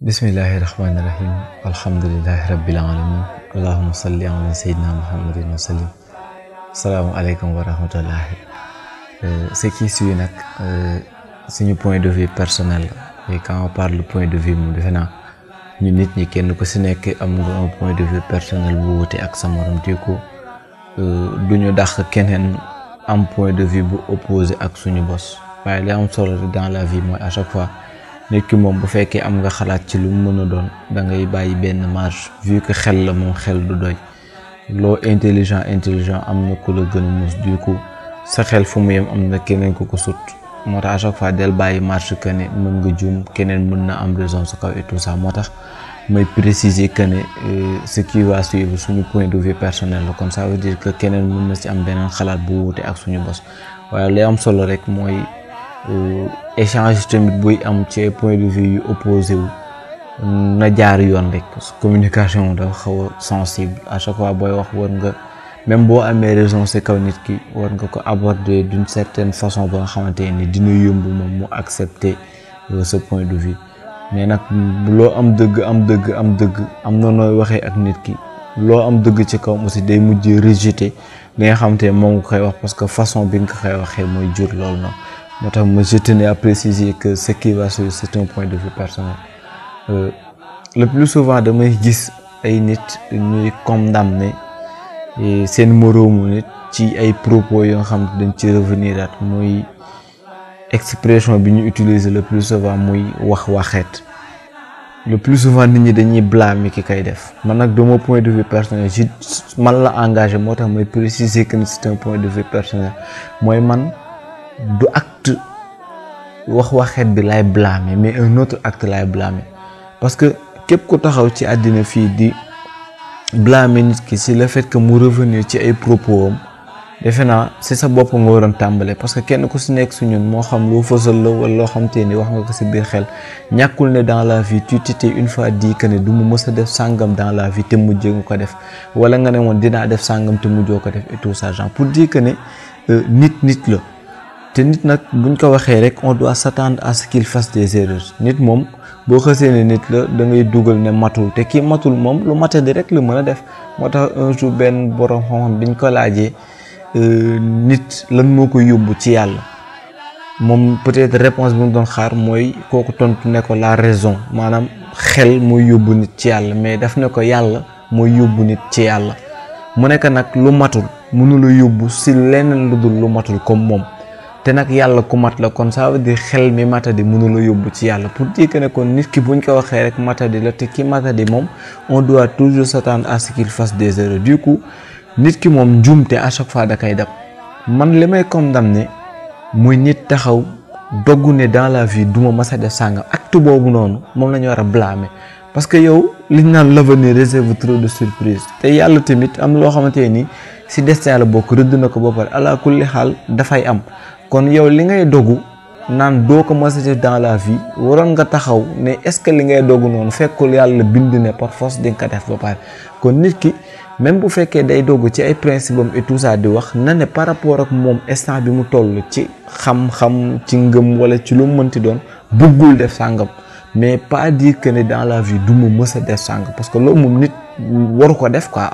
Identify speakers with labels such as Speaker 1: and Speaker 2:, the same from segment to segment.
Speaker 1: bismillahi rahmaani rahim alhamdulilahi rabbil alamin Allahumma salli ala sayyidina muhammadin wa sallim salaamu aleykum wa rahmatullahi euh, ce qui suit c'est euh, suñu point de vue personnel et quand on parle de point de vue moom defe naa ñu nit ñi kenn ku si nekk am un point de vue personnel bu wute ak sa morom teeku euh, du ñu dàq keneen am point de vue bu opposé ak suñu bos waaye li am solo dans la vie mooy à chaque fois nit moom bu fekkee am nga xalaat ci lu mu mën a doon da ngay bàyyi benn marche vu que xel la moom xel du doy loo intelligent intelligent am na ku la gën a muus du coup sa xel fu mu yem am na keneen ko ko sut moo tax à chaque bàyyi marge que ne mën nga juum keneen mën na am raison sa kaw moo tax may préciser que ne euh, ce qui va suivre suñu point de vue personnel la kon ça veut dire que keneen mun na si am beneen xalaat bu wute ak suñu bos waaye li am solo rek mooy. échange tamit buy am ci point de vue opposé wu na jaar yoon rek communication da xawa sensible à chaque fois boy wax war nga même boo amee raison si kaw nit ki war nga ko aborder d'une certaine façon ba nga xamante ni dina yomb moom mu accepter euh, ce point de vue mais nag loo am dëgg am dëgg am dëgg am na nooy waxee ak nit ki loo am dëgg ci kaw aussi day mujjee rejeter li nga xamante moom nga koy wax parce que façon bi nga koy waxee mooy jur loolu noonu je tenais à préciser que ce qui va se c'est un point de vue personnel. Euh, le plus souvent, je vois ay nit ñuy condamné et C'est nit ci qui propos proposée Nous dañ ci revenir expression bi ñu le plus souvent c'est « wax le plus souvent nit ñi dañuy blâmer ki kay point de vue personnel je suis engagé je préciser que c'est un point de vue personnel Moi, man du wax waxet bi lay blâmer mais un autre acte lay blâmer parce que képp ku taxaw ci àddina fii di blâmer ki le fait que mu revenir ci ay propos c'est si sa bopp nga parce que si ñun xam la wala xam wax nga ne dans la vie tu t'étais une fois dit que ne du def dans la vie te dit nga ko def wala nga ne def te ko def et tout ça genre pour dire que ne euh, nit nit la. te nit nag buñ ko waxee rek on doit s'attendre à ce qu'il fasse des nit moom boo xësee ne nit la da dugal ne matul te kii matul moom lu mate di rek la mën a def moo tax un jour benn borom xam-xam biñ ko euh, nit lan moo ko yóbbu ci yàlla moom peut-être réponse bi mu doon xaar mooy kooku tontu ne ko la raison maanaam xel mooy yóbbu nit ci yàlla mais daf ne ko yàlla mooy yóbbu nit ci yàlla mu nekk nag lu matul mënula yóbbu si leneen lu dul lu matul comme moom té nak yalla ku mat la kon ça veut dire xel mi matadi mënula yóbbu ci yalla pour dire que ne kon nit ki buñ ko waxé rek matadi la té ki matadi mom on doit toujours s'attendre à ce qu'il fasse des erreurs du coup nit ki mom njuumte à chaque fois da kay dab man limay condamné muy nit taxaw doggu né dans la vie duma massa def sàngam acte boobu non mom lañu wara blâmer parce que yow liñ naan l'avenir réserve trop de surprise té yalla tamit am lo xamanté ni si destin la bokk rëdd na ko ba ala kulli xaal dafay am kon yow li ngay dogu naan doo ko mës def dans la vie waroon nga taxaw ne est-ce que li ngay dogu noonu fekkul yàlla bind ne par force di nga ko def ba pare kon nit ki même bu fekkee day dogu ci ay principe am et tout ça di wax na ne par rapport ak moom instant bi mu toll ci xam-xam ci ngëm wala ci lu mu mënti doon bëggul def sàngam mais pas dire que ne dans la vie du ma mës a def sàngam parce que loolu moom nit. waru def quoi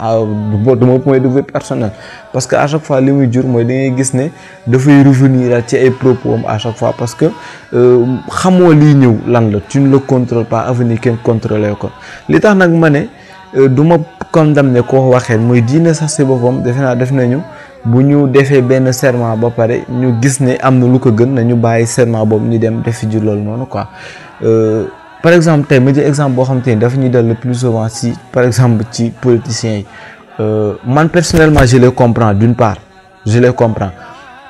Speaker 1: de mon point de personnel parce que à chaque fois li muy jur je da ngay gis ne revenir ci ay propos à chaque fois parce que euh, xamoo ne le lan la tu ne le contrôles pas avenir ken ko li tax euh, condamné sax defe na def nañu bu ñu defé ben serment ba paré ñu gis ne amna gën nañu serment ñu dem par exemple tey ma exemple boo xamante ni dafa ñu dal le plus souvent si par exemple ci politiciens yi euh, man personnellement je les comprends d'une part je les comprends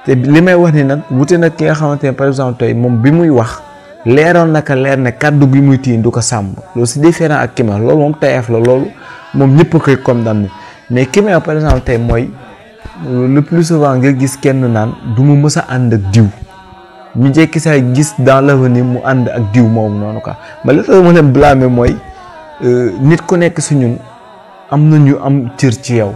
Speaker 1: te li may wax ni nag wute nag ki nga xamante par exemple tey moom bi muy wax leeroon naka leer ne kàddu gi muy tiin du ko sàmm loolu c'est différent ak Kimé loolu moom tayef la loolu moom ñëpp a koy condamné mais Kimé par exemple tey mooy euh, le plus souvent nga gis kenn naan du ma mës a ànd ak diw. ñu jekki saay gis dans ni mu ànd ak diw moom noonu quoi ma li tax ma leen blâmer mooy euh, nit ku nekk si ñun am na ñu am cër ci yow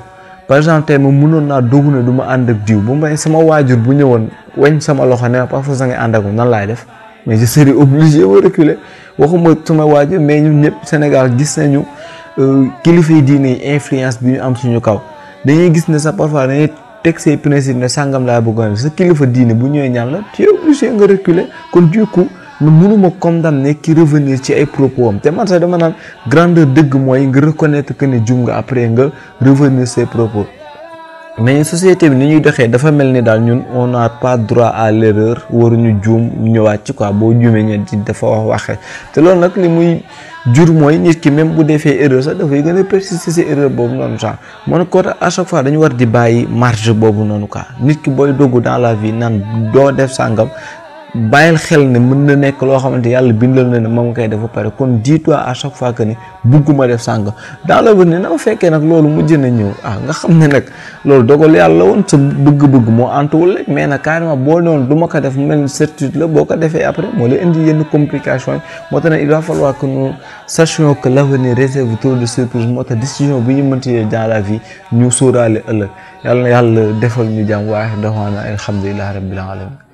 Speaker 1: par exemple tey ma mënoon naa dogu ne du ma ànd ak diw bu ma sama waajur bu ñëwoon weñ sama loxo ne parfois sa ngay ànd ak nan laay def mais je serai obligé ma reculer waxuma suma waajur mais ñu ñëpp Sénégal gis nañu euh, kilifa yi diine influence bi ñu am suñu kaw dañuy gis ne sax parfois dañuy teg say principe ne sàngam laa bëggoon sa kilifa diine bu ñëwee ñaan la tu es obligé nga reculer kon du coup nu mënuma ne ki revenir ci ay propos am te man sax dama naan grandeur dëgg mooy nga reconnaître que ne jum nga après nga revenir ses propos mais société bi ni ñuy doxee dafa mel ni daal ñun on n'a pas droit à l'erreur waruñu juum ñëwaat ci quoi boo juumee nga di dafa wax waxee te loolu nag li muy jur mooy nit ki même bu defee erreur sax dafay gën a persister si erreur boobu noonu sax man ko à chaque fois dañu war di bàyyi marge boobu noonu quoi nit ki booy dugg dans la vie naan doo def sàngam bàyyil xel ne mën na nekk loo xamante yàlla bindal na ne ma nga koy def ba pare kon dis-toi à chaque fois que ne bugguma def sàngam dans l'avenir na fekkee nag loolu mujj na ñëw ah nga xam ne nag loolu dogal yàlla la woon bëgg-bëgg moo antuwul rek mais nag carrément boo noonu du ma ko def mu mel ni certitude la boo ko defee après moo indi yenn complications yi moo tax nag il va falloir que nous sachions que l'avenir réserve trop de surprises moo bi ñu mënti jël dans la vie ñu sóoraale ëllëg yàlla na yàlla defal ñu jàmm waaye dafa na alhamdulilah rabbil alamin